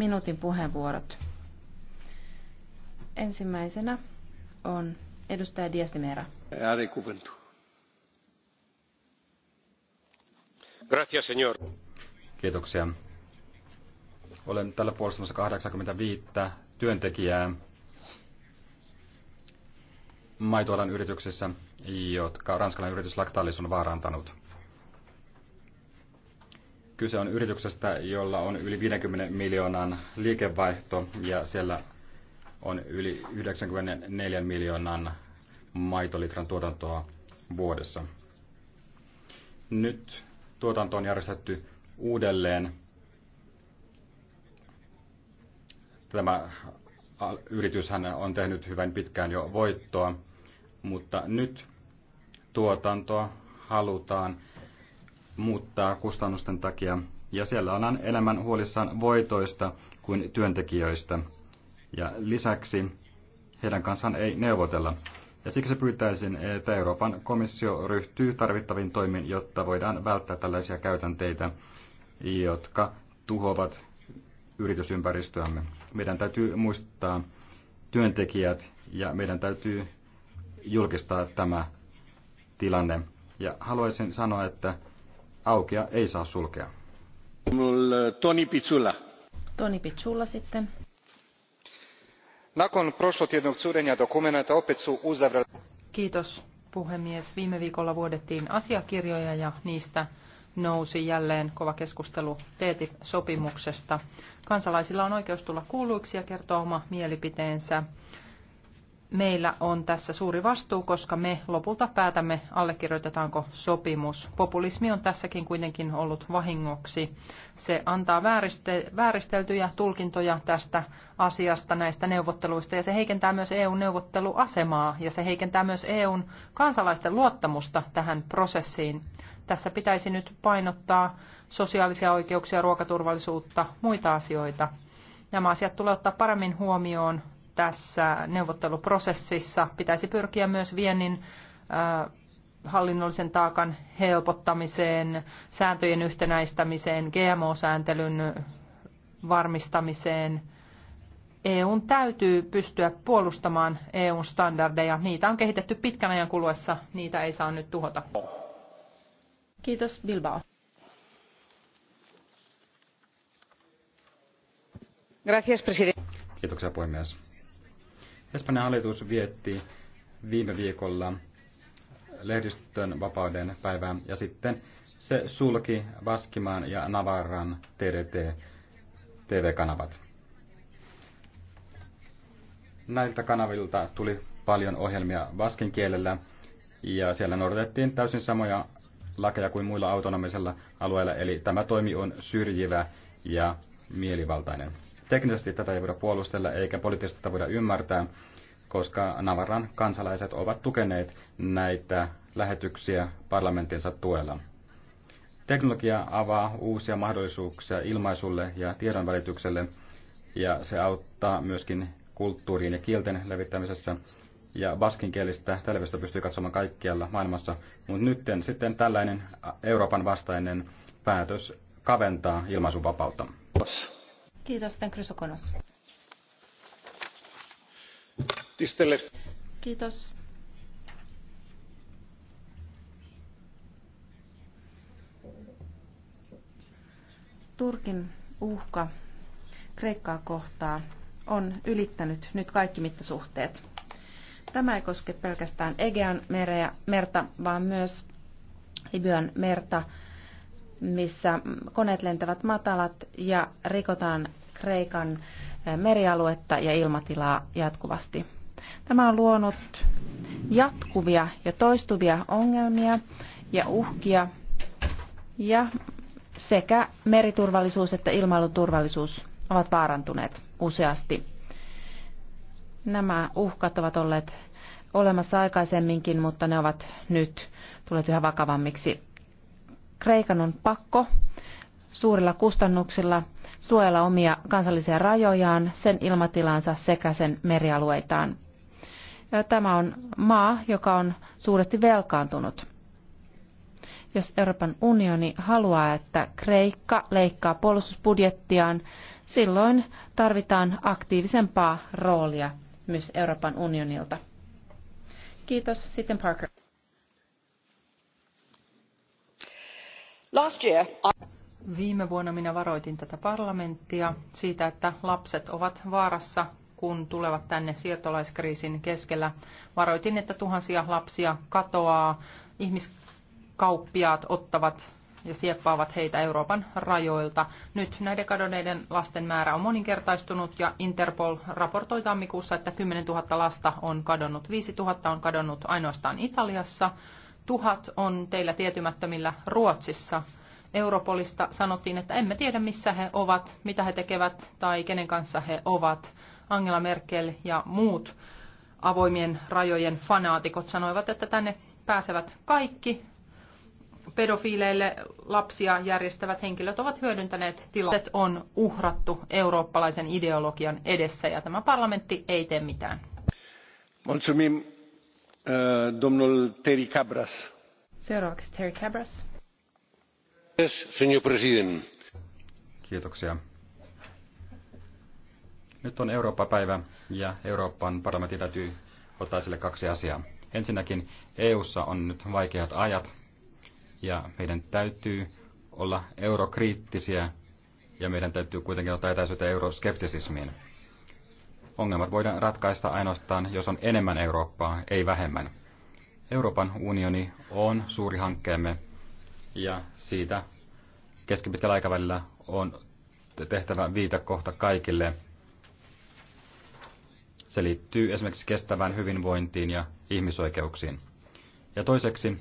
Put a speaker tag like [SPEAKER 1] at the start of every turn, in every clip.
[SPEAKER 1] minuutin puheenvuorot. Ensimmäisenä on edustaja Diestimera.
[SPEAKER 2] Gracias, señor. Kiitoksia. Olen tällä puolustamassa 85 työntekijää maitoalan yrityksessä, jotka ranskalainen yritys Lactalis on vaarantanut. Kyse on yrityksestä, jolla on yli 50 miljoonan liikevaihto ja siellä on yli 94 miljoonan maitolitran tuotantoa vuodessa. Nyt tuotanto on järjestetty uudelleen. Tämä yrityshän on tehnyt hyvän pitkään jo voittoa, mutta nyt tuotantoa halutaan muuttaa kustannusten takia, ja siellä ollaan enemmän huolissaan voitoista kuin työntekijöistä. Ja lisäksi heidän kanssaan ei neuvotella. Ja siksi pyytäisin, että Euroopan komissio ryhtyy tarvittaviin toimiin, jotta voidaan välttää tällaisia käytänteitä, jotka tuhoavat yritysympäristöämme. Meidän täytyy muistaa työntekijät ja meidän täytyy julkistaa tämä tilanne. Ja haluaisin sanoa, että aukea ei saa sulkea. Eh, Toni Pizzula.
[SPEAKER 1] Toni
[SPEAKER 3] Pizzula sitten.
[SPEAKER 2] Nakon prošlotjednog curenja dokumenta opet su uzavrali...
[SPEAKER 3] Kiitos puhemies. Viime viikolla vuodettiin asiakirjoja ja niistä nousi jälleen kova keskustelu TTIP-sopimuksesta. E Kansalaisilla on oikeus tulla kuulluiksi ja kertoa oma mielipiteensä meillä on tässä suuri vastuu, koska me lopulta päätämme, allekirjoitetaanko sopimus. Populismi on tässäkin kuitenkin ollut vahingoksi. Se antaa vääriste- vääristeltyjä tulkintoja tästä asiasta, näistä neuvotteluista, ja se heikentää myös eu neuvotteluasemaa, ja se heikentää myös EUn kansalaisten luottamusta tähän prosessiin. Tässä pitäisi nyt painottaa sosiaalisia oikeuksia, ruokaturvallisuutta, muita asioita. Nämä asiat tulee ottaa paremmin huomioon tässä neuvotteluprosessissa pitäisi pyrkiä myös viennin hallinnollisen taakan helpottamiseen, sääntöjen yhtenäistämiseen, GMO-sääntelyn varmistamiseen. EUn täytyy pystyä puolustamaan EUn standardeja. Niitä on kehitetty pitkän ajan kuluessa, niitä ei saa nyt tuhota. Kiitos Bilbao.
[SPEAKER 1] Gracias, presidente.
[SPEAKER 2] Kiitoksia puhemies. Espanjan hallitus vietti viime viikolla lehdistön vapauden päivää ja sitten se sulki Vaskimaan ja Navarran TDT TV-kanavat. Näiltä kanavilta tuli paljon ohjelmia vaskin kielellä ja siellä noudatettiin täysin samoja lakeja kuin muilla autonomisella alueilla, eli tämä toimi on syrjivä ja mielivaltainen. Teknisesti tätä ei voida puolustella eikä poliittisesti tätä voida ymmärtää, koska Navarran kansalaiset ovat tukeneet näitä lähetyksiä parlamentinsa tuella. Teknologia avaa uusia mahdollisuuksia ilmaisulle ja tiedonvälitykselle, ja se auttaa myöskin kulttuuriin ja kielten levittämisessä. Ja baskinkielistä televisiota pystyy katsomaan kaikkialla maailmassa. Mutta nyt sitten tällainen Euroopan vastainen päätös kaventaa ilmaisuvapautta.
[SPEAKER 1] Kiitos, Tän Krysokonos. Kiitos. Turkin uhka Kreikkaa kohtaa on ylittänyt nyt kaikki mittasuhteet. Tämä ei koske pelkästään Egean mereä, merta, vaan myös Libyan merta, missä koneet lentävät matalat ja rikotaan Kreikan eh, merialuetta ja ilmatilaa jatkuvasti. Tämä on luonut jatkuvia ja toistuvia ongelmia ja uhkia ja sekä meriturvallisuus että ilmailuturvallisuus ovat vaarantuneet useasti. Nämä uhkat ovat olleet olemassa aikaisemminkin, mutta ne ovat nyt tulleet yhä vakavammiksi. Kreikan on pakko suurilla kustannuksilla suojella omia kansallisia rajojaan, sen ilmatilansa sekä sen merialueitaan. Ja tämä on maa, joka on suuresti velkaantunut. Jos Euroopan unioni haluaa, että Kreikka leikkaa puolustusbudjettiaan, silloin tarvitaan aktiivisempaa roolia myös Euroopan unionilta.
[SPEAKER 3] Kiitos. Sitten Parker. Viime vuonna minä varoitin tätä parlamenttia siitä, että lapset ovat vaarassa, kun tulevat tänne siirtolaiskriisin keskellä. Varoitin, että tuhansia lapsia katoaa, ihmiskauppiaat ottavat ja sieppaavat heitä Euroopan rajoilta. Nyt näiden kadonneiden lasten määrä on moninkertaistunut ja Interpol raportoi tammikuussa, että 10 000 lasta on kadonnut. 5 000 on kadonnut ainoastaan Italiassa Tuhat on teillä tietymättömillä Ruotsissa. Europolista sanottiin, että emme tiedä missä he ovat, mitä he tekevät tai kenen kanssa he ovat. Angela Merkel ja muut avoimien rajojen fanaatikot sanoivat, että tänne pääsevät kaikki pedofiileille lapsia järjestävät henkilöt ovat hyödyntäneet tilanteet on uhrattu eurooppalaisen ideologian edessä ja tämä parlamentti ei tee mitään.
[SPEAKER 2] Mulțumim Eh, señor presidente Kiitoksia. Nyt on Eurooppa-päivä ja Euroopan parlamentti täytyy ottaa esille kaksi asiaa. Ensinnäkin EU:ssa on nyt vaikeat ajat ja meidän täytyy olla eurokriittisiä ja meidän täytyy kuitenkin ottaa etäisyyttä euroskeptisismiin. Ongelmat voidaan ratkaista ainoastaan, jos on enemmän Eurooppaa, ei vähemmän. Euroopan unioni on suuri hankkeemme ja siitä keskipitkällä aikavälillä on tehtävä kohta kaikille. Se liittyy esimerkiksi kestävään hyvinvointiin ja ihmisoikeuksiin. Ja toiseksi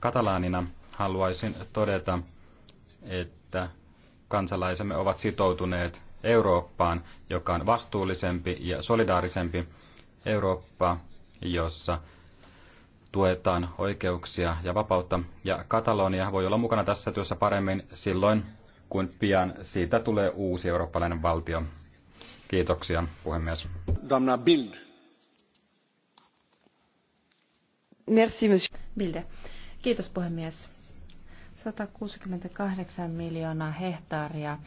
[SPEAKER 2] katalaanina haluaisin todeta, että kansalaisemme ovat sitoutuneet Eurooppaan, joka on vastuullisempi ja solidaarisempi Eurooppa, jossa tuetaan oikeuksia ja vapautta. Ja Katalonia voi olla mukana tässä työssä paremmin silloin, kun pian siitä tulee uusi eurooppalainen valtio. Kiitoksia, puhemies. Damna Bild.
[SPEAKER 1] Merci, monsieur. Bilde. Kiitos, puhemies. 168 miljoonaa hehtaaria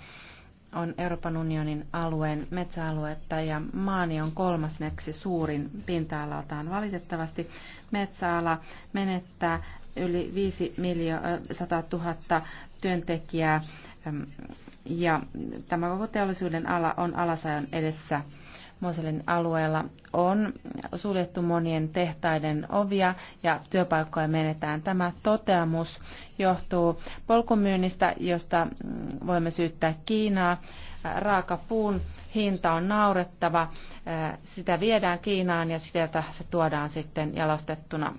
[SPEAKER 1] on Euroopan unionin alueen metsäaluetta ja maani on kolmasneksi suurin pinta-alaltaan valitettavasti. Metsäala menettää yli 5 100 000 työntekijää ja tämä koko teollisuuden ala on alasajon edessä Moselin alueella on suljettu monien tehtaiden ovia ja työpaikkoja menetään. Tämä toteamus johtuu polkumyynnistä, josta mm, voimme syyttää Kiinaa. Raakapuun hinta on naurettava. Sitä viedään Kiinaan ja sieltä se tuodaan sitten jalostettuna.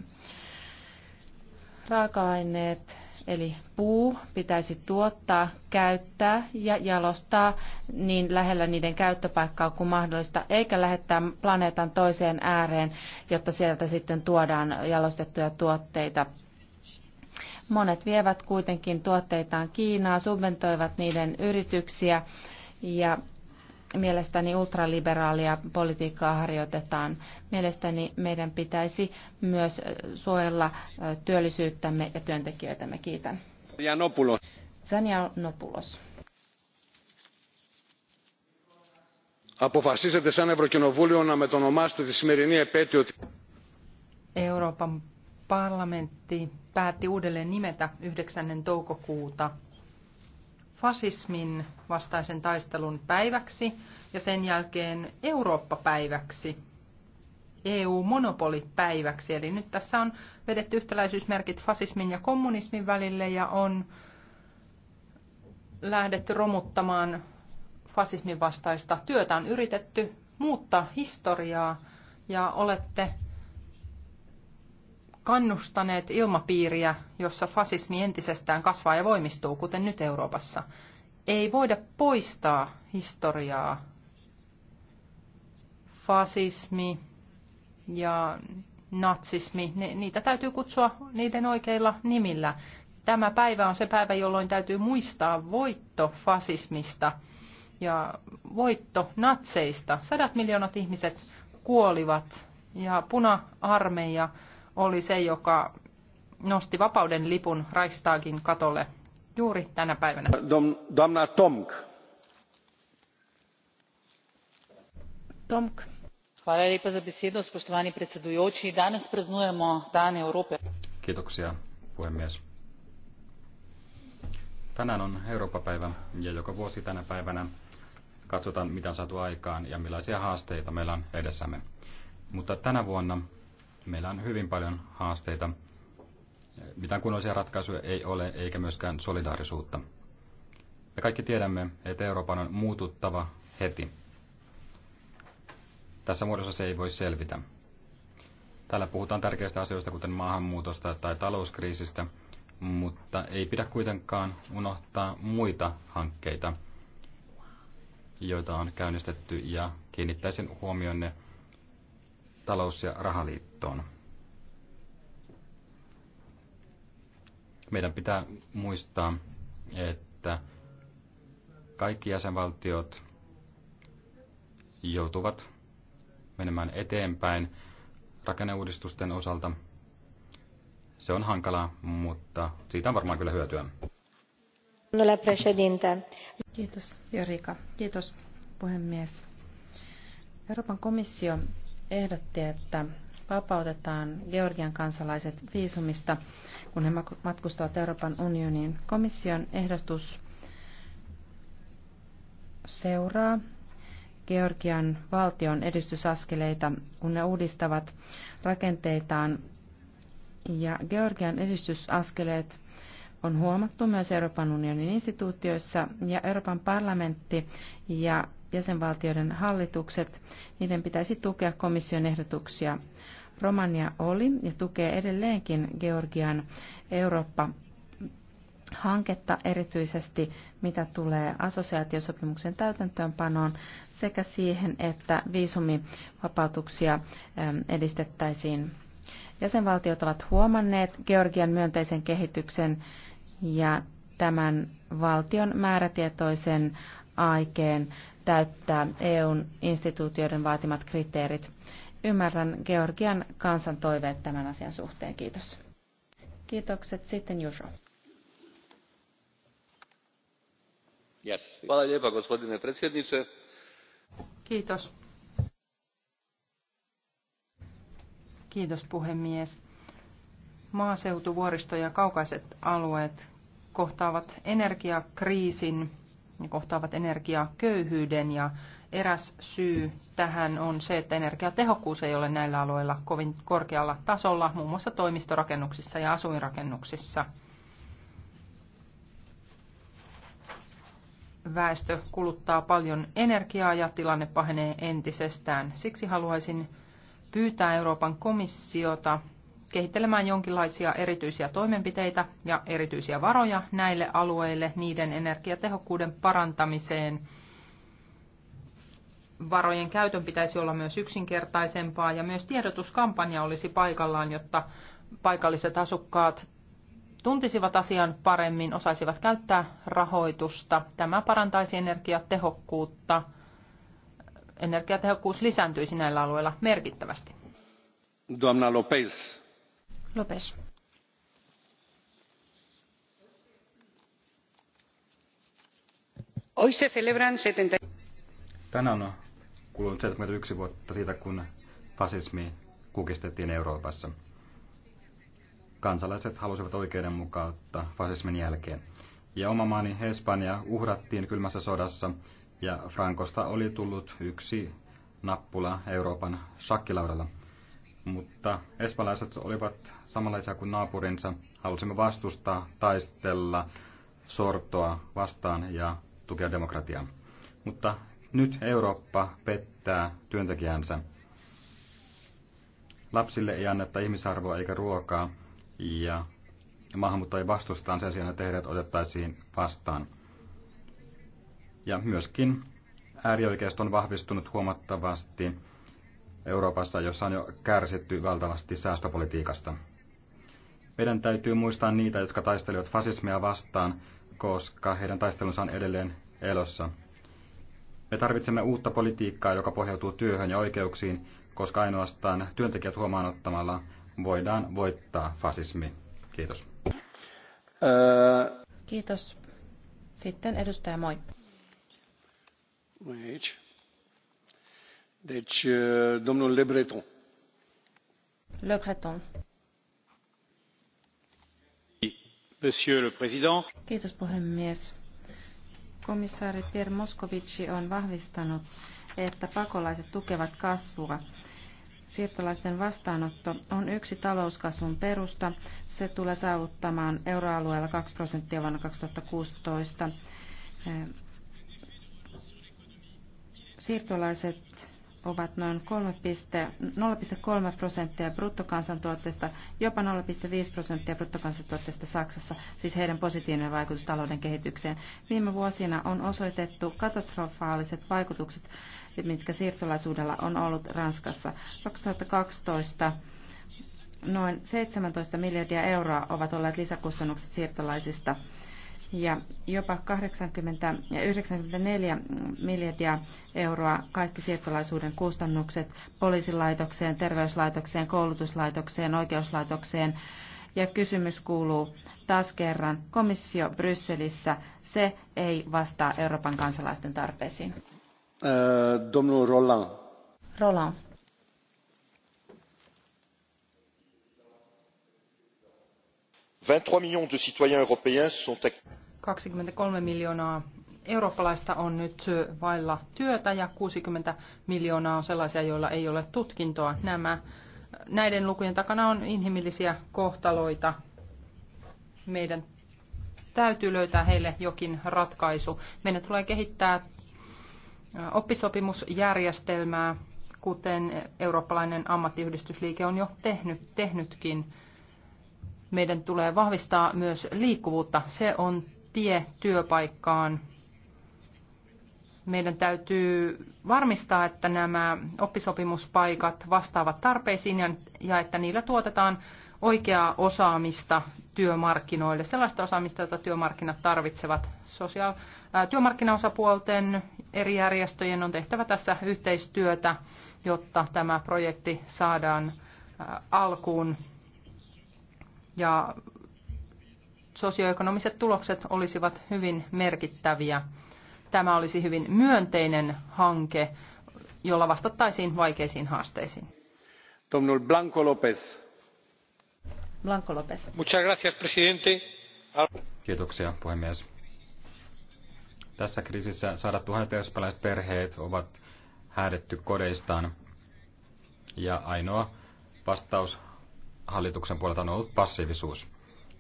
[SPEAKER 1] Raaka-aineet Eli puu pitäisi tuottaa, käyttää ja jalostaa niin lähellä niiden käyttöpaikkaa kuin mahdollista, eikä lähettää planeetan toiseen ääreen, jotta sieltä sitten tuodaan jalostettuja tuotteita. Monet vievät kuitenkin tuotteitaan Kiinaa, subventoivat niiden yrityksiä ja mielestäni ultraliberaalia politiikkaa harjoitetaan. Mielestäni meidän pitäisi myös suojella työllisyyttämme ja työntekijöitämme. Kiitän.
[SPEAKER 2] Janopulos.
[SPEAKER 1] Nopulos.
[SPEAKER 2] Αποφασίσατε σαν Ευρωκοινοβούλιο να μετονομάσετε τη σημερινή επέτειο...
[SPEAKER 3] Euroopan parlamentti päätti uudelleen nimetä 9. toukokuuta fasismin vastaisen taistelun päiväksi ja sen jälkeen Eurooppa-päiväksi, EU-monopolipäiväksi. Eli nyt tässä on vedetty yhtäläisyysmerkit fasismin ja kommunismin välille ja on lähdetty romuttamaan fasismin vastaista työtä. On yritetty muuttaa historiaa ja olette kannustaneet ilmapiiriä, jossa fasismi entisestään kasvaa ja voimistuu, kuten nyt Euroopassa. Ei voida poistaa historiaa. Fasismi ja natsismi, ne, niitä täytyy kutsua niiden oikeilla nimillä. Tämä päivä on se päivä, jolloin täytyy muistaa voitto fasismista ja voitto natseista. Sadat miljoonat ihmiset kuolivat ja puna-armeija oli se, joka nosti vapauden lipun Reichstagin katolle juuri tänä päivänä. Dom, domna Tomk.
[SPEAKER 1] Tomk. Hvala lepa za besedo, spoštovani predsedujoči. Danes praznujemo Dan Evrope.
[SPEAKER 2] Kiitoksia, puhemies. Tänään on Eurooppa-päivä ja joka vuosi tänä päivänä katsotaan, mitä on saatu aikaan ja millaisia haasteita meillä on edessämme. Mutta tänä vuonna Meillä on hyvin paljon haasteita. Mitään kunnollisia ratkaisuja ei ole, eikä myöskään solidaarisuutta. Me kaikki tiedämme, että Euroopan on muututtava heti. Tässä muodossa se ei voi selvitä. Täällä puhutaan tärkeistä asioista, kuten maahanmuutosta tai talouskriisistä, mutta ei pidä kuitenkaan unohtaa muita hankkeita, joita on käynnistetty, ja kiinnittäisin huomionne talous- ja rahaliittoon vastaanottoon. Meidän pitää muistaa, että kaikki jäsenvaltiot joutuvat menemään eteenpäin rakenneuudistusten osalta. Se on hankalaa, mutta siitä on varmaan kyllä hyötyä.
[SPEAKER 1] Kiitos Jorika. Kiitos puhemies. Euroopan komissio ehdotti, että vapautetaan Georgian kansalaiset viisumista, kun he matkustavat Euroopan unioniin. Komission ehdotus seuraa Georgian valtion edistysaskeleita, kun ne uudistavat rakenteitaan. Ja Georgian edistysaskeleet on huomattu myös Euroopan unionin instituutioissa ja Euroopan parlamentti ja jäsenvaltioiden hallitukset, niiden pitäisi tukea komission ehdotuksia. Romania oli ja tukee edelleenkin Georgian Eurooppa hanketta erityisesti, mitä tulee assosiaatiosopimuksen täytäntöönpanoon sekä siihen, että viisumivapautuksia edistettäisiin. Jäsenvaltiot ovat huomanneet Georgian myönteisen kehityksen ja tämän valtion määrätietoisen aikeen täyttää EUn instituutioiden vaatimat kriteerit. Ymmärrän Georgian kansan toiveet tämän asian suhteen. Kiitos. Kiitokset. Sitten Juso.
[SPEAKER 3] kiitos. kiitos puhemies maaseutu vuoristo ja kaukaiset alueet kohtaavat energiakriisin ja kohtaavat energiaköyhyyden ja eräs syy tähän on se, että energiatehokkuus ei ole näillä alueilla kovin korkealla tasolla, muun muassa toimistorakennuksissa ja asuinrakennuksissa. Väestö kuluttaa paljon energiaa ja tilanne pahenee entisestään. Siksi haluaisin pyytää Euroopan komissiota kehittelemään jonkinlaisia erityisiä toimenpiteitä ja erityisiä varoja näille alueille niiden energiatehokkuuden parantamiseen – varojen käytön pitäisi olla myös yksinkertaisempaa ja myös tiedotuskampanja olisi paikallaan, jotta paikalliset asukkaat tuntisivat asian paremmin, osaisivat käyttää rahoitusta. Tämä parantaisi energiatehokkuutta. Energiatehokkuus lisääntyisi näillä alueilla merkittävästi.
[SPEAKER 2] Doamna Lopez.
[SPEAKER 3] Lopez.
[SPEAKER 1] Hoy se celebran 70...
[SPEAKER 2] Tänään on kulunut 71 vuotta siitä, kun fasismi kukistettiin Euroopassa. Kansalaiset halusivat oikeudenmukautta fasismin jälkeen. Ja oma maani Espanja uhrattiin kylmässä sodassa, ja Frankosta oli tullut yksi nappula Euroopan shakkilaudalla. Mutta espanjalaiset olivat samanlaisia kuin naapurinsa. Halusimme vastustaa, taistella sortoa vastaan ja tukea demokratiaa. Mutta nyt Eurooppa pettää työntekijänsä. Lapsille ei anneta ihmisarvoa eikä ruokaa ja maahanmuuttajien vastustaan sen sijaan, että heidät otettaisiin vastaan. Ja myöskin äärioikeisto on vahvistunut huomattavasti Euroopassa, jossa on jo kärsitty valtavasti säästöpolitiikasta. Meidän täytyy muistaa niitä, jotka taistelivat fasismia vastaan, koska heidän taistelunsa on edelleen elossa. Me tarvitsemme uutta politiikkaa, joka pohjautuu työhön ja oikeuksiin, koska ainoastaan työntekijät huomaan ottamalla voidaan voittaa fasismi. Kiitos. Äh.
[SPEAKER 1] Kiitos. Sitten edustaja Moi. Moi. Deci, äh, domnul Le Breton. Le Breton.
[SPEAKER 2] Monsieur le Président.
[SPEAKER 1] Kiitos puhemies. Komissaari Pierre Moscovici on vahvistanut, että pakolaiset tukevat kasvua. Siirtolaisten vastaanotto on yksi talouskasvun perusta. Se tulee saavuttamaan euroalueella 2 prosenttia vuonna 2016. Siirtolaiset ovat noin 0,3 prosenttia bruttokansantuotteesta, jopa 0,5 prosenttia bruttokansantuotteesta Saksassa, siis heidän positiivinen vaikutus talouden kehitykseen. Viime vuosina on osoitettu katastrofaaliset vaikutukset, mitkä siirtolaisuudella on ollut Ranskassa. 2012 noin 17 miljardia euroa ovat olleet lisäkustannukset siirtolaisista ja jopa 80, 94 miljardia euroa kaikki siirtolaisuuden kustannukset poliisilaitokseen, terveyslaitokseen, koulutuslaitokseen, oikeuslaitokseen. Ja kysymys kuuluu taas kerran, komissio Brysselissä, se ei vastaa Euroopan kansalaisten tarpeisiin. Äh, Domnul Roland. Roland.
[SPEAKER 2] vingt trois millions de citoyens européens sont
[SPEAKER 3] 23 miljoonaa eurooppalaista on nyt vailla työtä ja 60 miljoonaa on sellaisia, joilla ei ole tutkintoa. Nämä, näiden lukujen takana on inhimillisiä kohtaloita. Meidän täytyy löytää heille jokin ratkaisu. Meidän tulee kehittää oppisopimusjärjestelmää, kuten eurooppalainen ammattiyhdistysliike on jo tehnyt, tehnytkin. Meidän tulee vahvistaa myös liikkuvuutta. Se on tie työpaikkaan. Meidän täytyy varmistaa, että nämä oppisopimuspaikat vastaavat tarpeisiin ja että niillä tuotetaan oikeaa osaamista työmarkkinoille, sellaista osaamista, jota työmarkkinat tarvitsevat. Sosiaal- työmarkkinaosapuolten eri järjestöjen on tehtävä tässä yhteistyötä, jotta tämä projekti saadaan alkuun. Ja sosioekonomiset tulokset olisivat hyvin merkittäviä. Tämä olisi hyvin myönteinen hanke, jolla vastattaisiin vaikeisiin haasteisiin.
[SPEAKER 2] Domnul Blanco López.
[SPEAKER 3] Blanco López.
[SPEAKER 2] Muchas gracias, presidente. Kiitoksia, puhemies. Tässä kriisissä sadat tuhannet espanjalaiset perheet ovat häädetty kodeistaan. Ja ainoa vastaus hallituksen puolelta on ollut passiivisuus.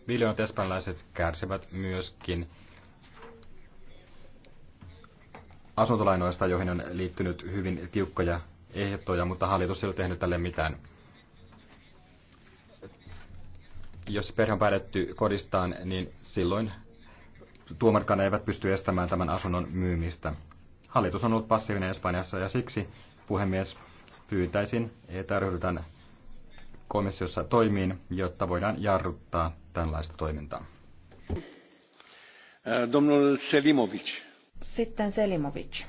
[SPEAKER 2] Miljoonat espanjalaiset kärsivät myöskin asuntolainoista, joihin on liittynyt hyvin tiukkoja ehtoja, mutta hallitus ei ole tehnyt tälle mitään. Jos perhe on päätetty kodistaan, niin silloin tuomarkaan eivät pysty estämään tämän asunnon myymistä. Hallitus on ollut passiivinen Espanjassa ja siksi, puhemies, pyytäisin, että ryhdytään komissiossa toimiin, jotta voidaan jarruttaa tällaista toimintaa. Domnul Selimovic.
[SPEAKER 1] Sitten Selimovic.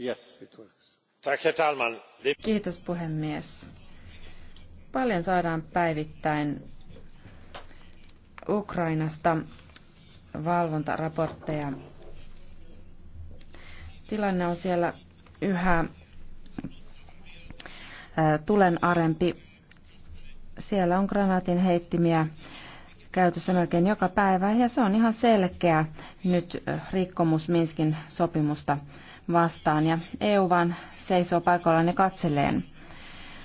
[SPEAKER 2] Yes, it works.
[SPEAKER 1] Kiitos puhemies. Paljon saadaan päivittäin Ukrainasta valvontaraportteja Tilanne on siellä yhä tulen arempi. Siellä on granaatin heittimiä käytössä melkein joka päivä ja se on ihan selkeä nyt rikkomus Minskin sopimusta vastaan ja EU vaan seisoo paikallaan ja katseleen.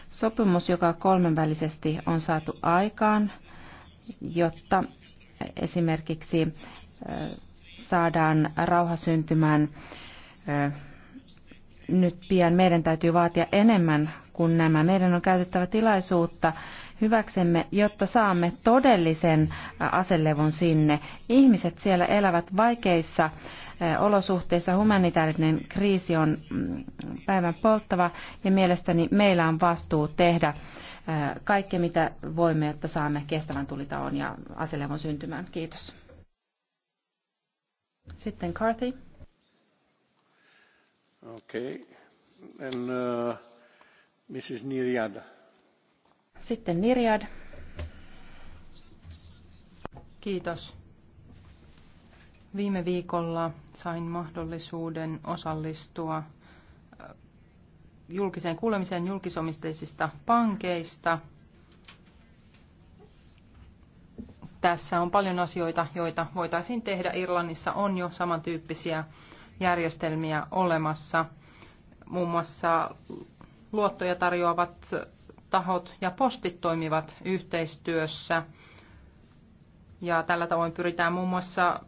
[SPEAKER 1] Sopimus, joka kolmenvälisesti on saatu aikaan, jotta esimerkiksi saadaan rauha syntymään nyt pian meidän täytyy vaatia enemmän kuin nämä. Meidän on käytettävä tilaisuutta hyväksemme, jotta saamme todellisen aselevon sinne. Ihmiset siellä elävät vaikeissa olosuhteissa. Humanitaarinen kriisi on mm, päivän polttava ja mielestäni meillä on vastuu tehdä kaikki, mitä voimme, jotta saamme kestävän tulitaon ja aselevon syntymään. Kiitos. Sitten Carthy.
[SPEAKER 2] Uh,
[SPEAKER 3] Sitten Niriad. Kiitos. Viime viikolla sain mahdollisuuden osallistua äh, julkiseen kuulemiseen julkisomisteisista pankeista. Tässä on paljon asioita, joita voitaisiin tehdä. Irlannissa on jo samantyyppisiä järjestelmiä olemassa – muun muassa luottoja tarjoavat tahot ja postit toimivat yhteistyössä. Ja tällä tavoin pyritään muun muassa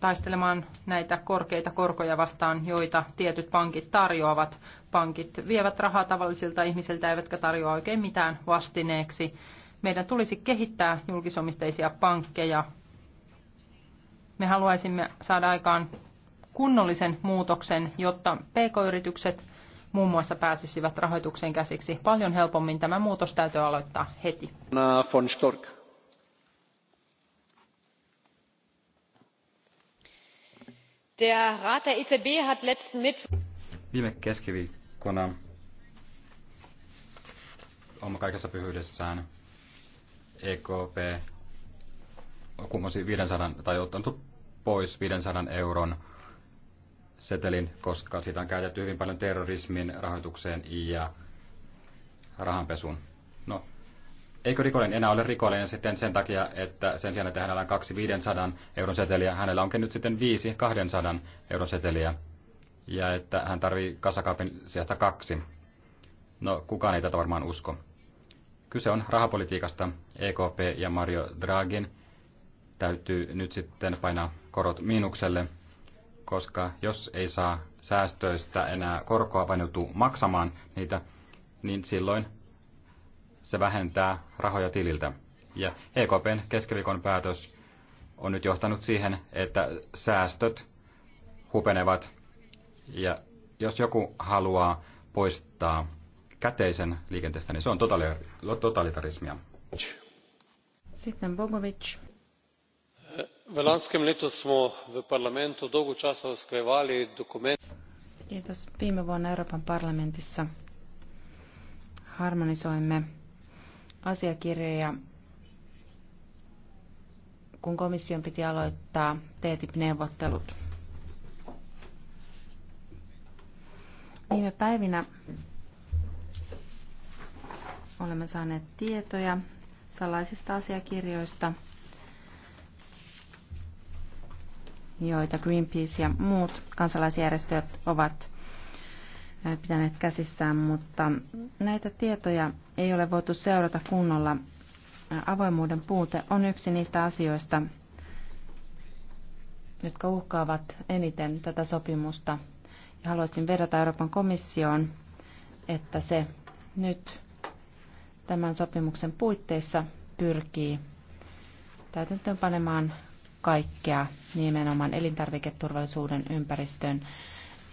[SPEAKER 3] taistelemaan näitä korkeita korkoja vastaan, joita tietyt pankit tarjoavat. Pankit vievät rahaa tavallisilta ihmisiltä eivätkä tarjoa oikein mitään vastineeksi. Meidän tulisi kehittää julkisomisteisia pankkeja. Me haluaisimme saada aikaan kunnollisen muutoksen, jotta pk-yritykset muun muassa pääsisivät rahoitukseen käsiksi paljon helpommin. Tämä muutos täytyy aloittaa heti.
[SPEAKER 2] von Stork. Der Rat der EZB hat letzten Mittwoch Viime keskiviikkona oma kaikessa pyhyydessään EKP kummosi 500 tai ottanut pois 500 euron setelin, koska sitä on käytetty hyvin paljon terrorismin rahoitukseen ja rahanpesuun. No, eikö rikollinen enää ole rikollinen sitten sen takia, että sen sijaan, että hänellä on kaksi 500 euron seteliä, hänellä onkin nyt sitten viisi 200 euron seteliä, ja että hän tarvii kasakaapin sijasta kaksi. No, kukaan ei tätä varmaan usko. Kyse on rahapolitiikasta. EKP ja Mario Draghin täytyy nyt sitten painaa korot miinukselle – koska jos ei saa säästöistä enää korkoa, vaan joutuu maksamaan niitä, niin silloin se vähentää rahoja tililtä. Ja EKPn keskiviikon päätös on nyt johtanut siihen, että säästöt hupenevat. Ja jos joku haluaa poistaa käteisen liikenteestä, niin se on totalitarismia.
[SPEAKER 1] Sitten Bogovic v letu smo v parlamentu dolgo časa usklajevali dokument Kiitos. Viime vuonna Euroopan parlamentissa harmonisoimme asiakirjoja, kun komission piti aloittaa TTIP-neuvottelut. Viime päivinä olemme saaneet tietoja salaisista asiakirjoista – joita Greenpeace ja muut kansalaisjärjestöt ovat pitäneet käsissään, mutta näitä tietoja ei ole voitu seurata kunnolla. Avoimuuden puute on yksi niistä asioista, jotka uhkaavat eniten tätä sopimusta. Ja haluaisin vedota Euroopan komissioon, että se nyt tämän sopimuksen puitteissa pyrkii panemaan kaikkea nimenomaan elintarviketurvallisuuden, ympäristön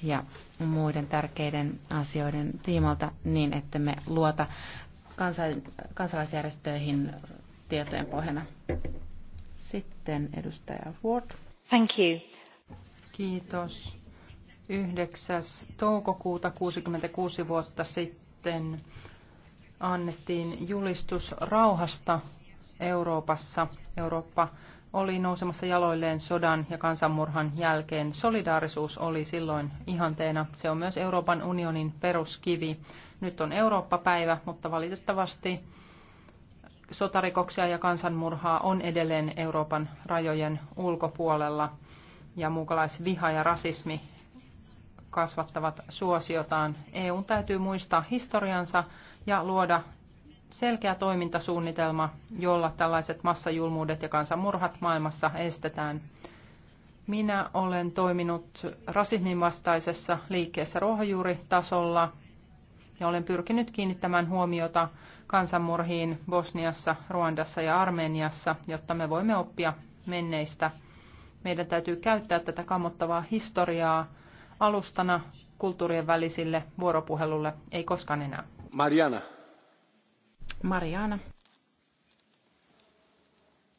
[SPEAKER 1] ja muiden tärkeiden asioiden tiimalta niin, että me luota kansalaisjärjestöihin tietojen
[SPEAKER 3] pohjana. Sitten edustaja Ward. Thank you. Kiitos. 9. toukokuuta 66 vuotta sitten annettiin julistus rauhasta Euroopassa. Eurooppa oli nousemassa jaloilleen sodan ja kansanmurhan jälkeen. Solidaarisuus oli silloin ihanteena. Se on myös Euroopan unionin peruskivi. Nyt on Eurooppa-päivä, mutta valitettavasti sotarikoksia ja kansanmurhaa on edelleen Euroopan rajojen ulkopuolella. Ja muukalaisviha ja rasismi kasvattavat suosiotaan. EU täytyy muistaa historiansa ja luoda selkeä toimintasuunnitelma, jolla tällaiset massajulmuudet ja kansanmurhat maailmassa estetään. Minä olen toiminut rasismin vastaisessa liikkeessä ruohonjuuritasolla ja olen pyrkinyt kiinnittämään huomiota kansanmurhiin Bosniassa, Ruandassa ja Armeniassa, jotta me voimme oppia menneistä. Meidän täytyy käyttää tätä kammottavaa historiaa alustana kulttuurien välisille vuoropuhelulle, ei koskaan enää. Mariana. Mariana.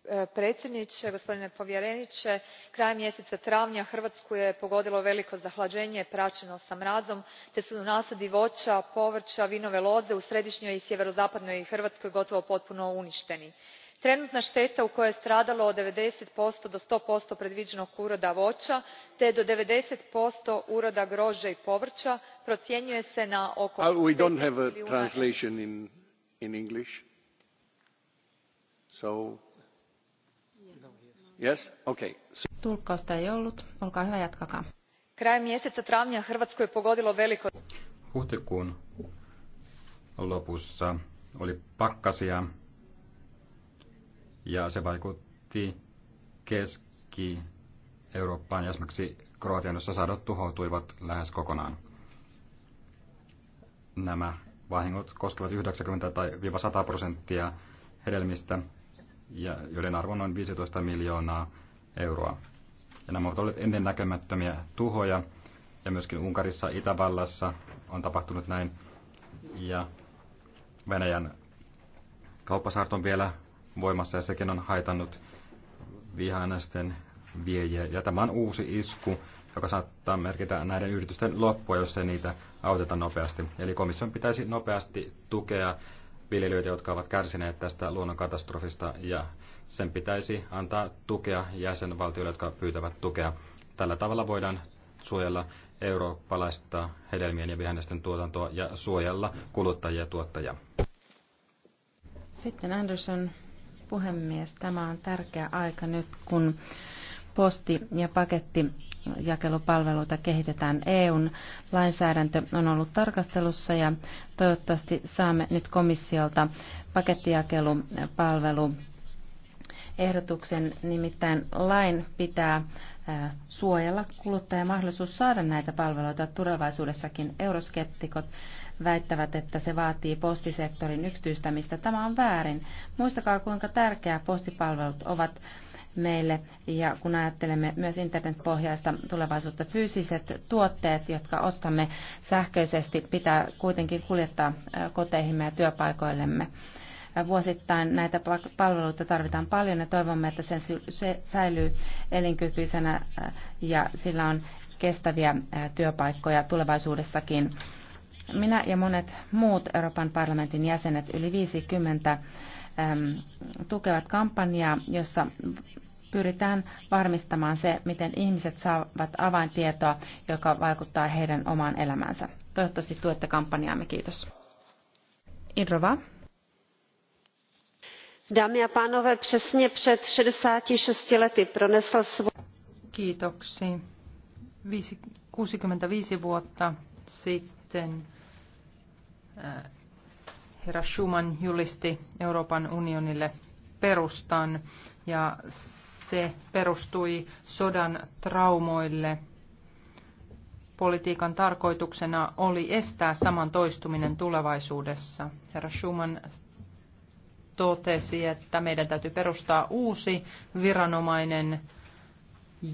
[SPEAKER 1] E, predsjednie gospodine povjerenie krajem mjeseca travnja hrvatsku je pogodilo veliko zahlaenje praćeno s mrazom te su nasadi voća povrća vinove loze u središnjoj i sjeverozapadnoj hrvatskoj gotovo potpuno uništeni. trenutna šteta u kojoj je stradalo od ninety do one predviđenog uroda voća te do ninety uroda grožđa i povrća procjenjuje se na oko uh,
[SPEAKER 2] in English? So, yes, okay. So.
[SPEAKER 1] Tulkkausta ei ollut. Olkaa hyvä, jatkakaa. Krajem mjeseca travnja Hrvatskoj pogodilo veliko...
[SPEAKER 2] Huhtikuun lopussa oli pakkasia ja se vaikutti Keski-Eurooppaan ja esimerkiksi Kroatian, jossa sadot tuhoutuivat lähes kokonaan. Nämä vahingot koskevat 90 tai 100 prosenttia hedelmistä, ja joiden arvo on noin 15 miljoonaa euroa. Ja nämä ovat olleet ennennäkemättömiä tuhoja, ja myöskin Unkarissa, Itävallassa on tapahtunut näin, ja Venäjän kauppasaarto on vielä voimassa, ja sekin on haitannut vihannesten viejiä. Ja tämä on uusi isku joka saattaa merkitä näiden yritysten loppua, jos ei niitä auteta nopeasti. Eli komission pitäisi nopeasti tukea viljelijöitä, jotka ovat kärsineet tästä luonnonkatastrofista, ja sen pitäisi antaa tukea jäsenvaltioille, jotka pyytävät tukea. Tällä tavalla voidaan suojella eurooppalaista hedelmien ja vihannesten tuotantoa ja suojella kuluttajia ja tuottajia.
[SPEAKER 1] Sitten Anderson, puhemies, tämä on tärkeä aika nyt, kun posti- ja pakettijakelupalveluita kehitetään. EUn lainsäädäntö on ollut tarkastelussa ja toivottavasti saamme nyt komissiolta pakettijakelupalvelu ehdotuksen, nimittäin lain pitää suojella kuluttajan mahdollisuus saada näitä palveluita tulevaisuudessakin. Euroskeptikot väittävät, että se vaatii postisektorin yksityistämistä. Tämä on väärin. Muistakaa, kuinka tärkeää postipalvelut ovat meille. Ja kun ajattelemme myös internetpohjaista tulevaisuutta, fyysiset tuotteet, jotka ostamme sähköisesti, pitää kuitenkin kuljettaa äh, koteihimme ja työpaikoillemme. Äh, vuosittain näitä palveluita tarvitaan paljon ja toivomme, että sen, se säilyy elinkykyisenä äh, ja sillä on kestäviä työpaikkoja tulevaisuudessakin. Minä ja monet muut Euroopan parlamentin jäsenet, yli 50, Ähm, tukevat kampanjaa, jossa pyritään varmistamaan se, miten ihmiset saavat avaintietoa, joka vaikuttaa heidän omaan elämäänsä. Toivottavasti tuette kampanjaamme. Kiitos. Idrova.
[SPEAKER 3] Dámy a pánové, přesně před 66 lety pronesl svůj. Kiitoksi. 65 vuotta sitten eh, herra Schumann julisti Euroopan unionille perustan ja se perustui sodan traumoille. Politiikan tarkoituksena oli estää saman toistuminen tulevaisuudessa. Herra Schumann totesi, että meidän täytyy perustaa uusi viranomainen,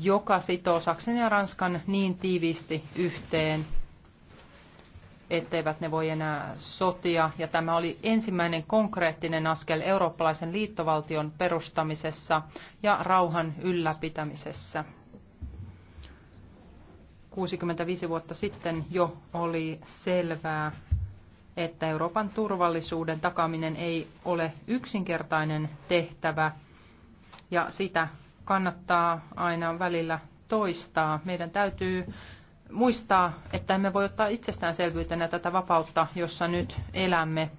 [SPEAKER 3] joka sitoo Saksan ja Ranskan niin tiiviisti yhteen, etteivät ne voi enää sotia. Ja tämä oli ensimmäinen konkreettinen askel eurooppalaisen liittovaltion perustamisessa ja rauhan ylläpitämisessä. 65 vuotta sitten jo oli selvää, että Euroopan turvallisuuden takaminen ei ole yksinkertainen tehtävä, ja sitä kannattaa aina välillä toistaa. Meidän täytyy muistaa, että emme voi ottaa itsestäänselvyytenä tätä vapautta, jossa nyt elämme.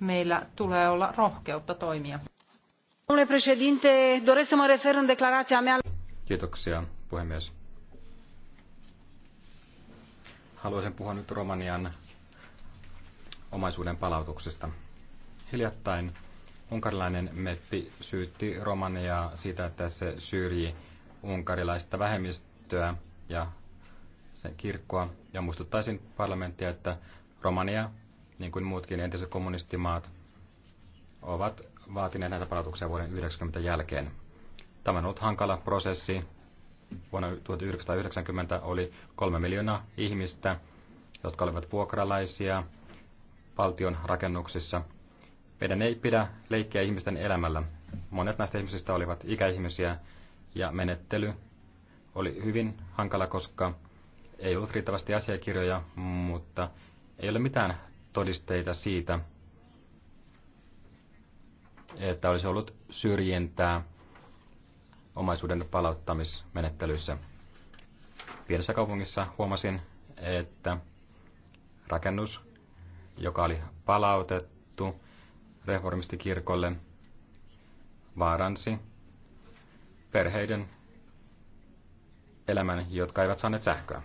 [SPEAKER 3] Meillä tulee olla rohkeutta toimia.
[SPEAKER 2] Kiitoksia, puhemies. Haluaisin puhua nyt Romanian omaisuuden palautuksesta. Hiljattain unkarilainen meppi syytti Romaniaa siitä, että se syrji unkarilaista vähemmistöä ja sen kirkkoa. Ja muistuttaisin parlamenttia, että Romania, niin kuin muutkin entiset kommunistimaat, ovat vaatineet näitä palautuksia vuoden 90 jälkeen. Tämä on ollut hankala prosessi. Vuonna 1990 oli kolme miljoonaa ihmistä, jotka olivat vuokralaisia valtion rakennuksissa. Meidän ei pidä leikkiä ihmisten elämällä. Monet näistä ihmisistä olivat ikäihmisiä ja menettely oli hyvin hankala, koska ei ollut riittävästi asiakirjoja, mutta ei ole mitään todisteita siitä, että olisi ollut syrjintää omaisuuden palauttamismenettelyissä. Pienessä kaupungissa huomasin, että rakennus, joka oli palautettu reformistikirkolle, vaaransi perheiden elämän, jotka eivät saaneet sähköä.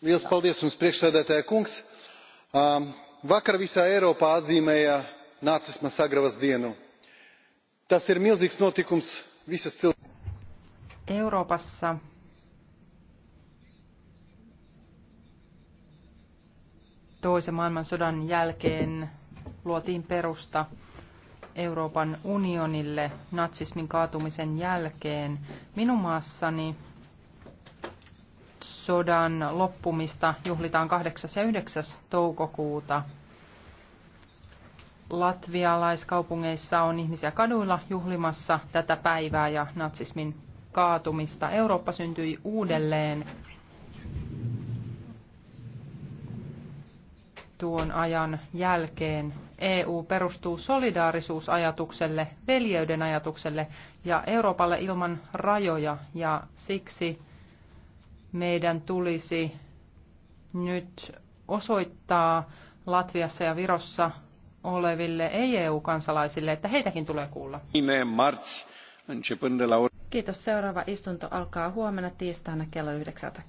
[SPEAKER 1] priekšsēdētāja kungs um, vakar visā eiropā atzīmēja nacisma sagravas dienu. tas ir milzīgs notikums visas
[SPEAKER 3] euroopassa toisen maailmansodan jälkeen luotiin perusta Euroopan unionille natsismin kaatumisen jälkeen. Minun maassani sodan loppumista juhlitaan 8. ja 9. toukokuuta. Latvialaiskaupungeissa on ihmisiä kaduilla juhlimassa tätä päivää ja natsismin kaatumista. Eurooppa syntyi uudelleen tuon ajan jälkeen. EU perustuu solidaarisuusajatukselle, veljeyden ajatukselle ja Euroopalle ilman rajoja ja siksi meidän tulisi nyt osoittaa Latviassa ja Virossa oleville ei-EU-kansalaisille, että heitäkin tulee kuulla. Kiitos. Seuraava istunto alkaa
[SPEAKER 1] huomenna tiistaina kello 9.